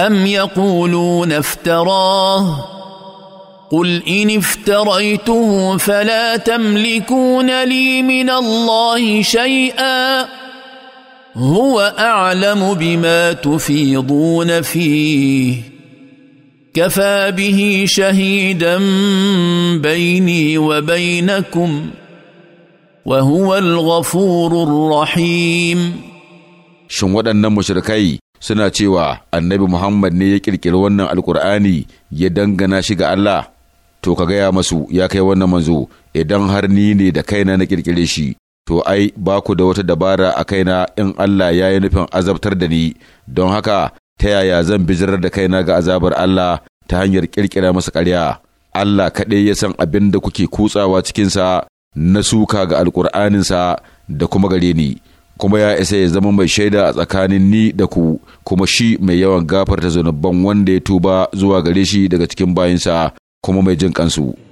أم يقولون افتراه قل إن افتريته فلا تملكون لي من الله شيئا هو أعلم بما تفيضون فيه كفى به شهيدا بيني وبينكم وهو الغفور الرحيم shin waɗannan مشركي suna cewa annabi Muhammad ne ya ƙirƙiri wannan alkur'ani ya dangana shi ga Allah, to ka gaya masu ya kai wannan manzo idan har ni ne da kaina na ƙirƙire shi, to ai ba ku da wata dabara a kaina in Allah ya yi nufin azabtar da ni, don haka ta yaya zan bijirar da kaina ga azabar Allah ta hanyar ƙirƙira masa ƙarya. Allah kaɗai ya san abin da kuke kutsawa cikinsa na suka ga alƙur'aninsa da kuma gare ni. kuma ya isa ya zama mai shaida a tsakanin ni da ku kuma shi mai yawan gafarta zunuban wanda ya tuba zuwa gare shi daga cikin bayinsa kuma mai jin kansu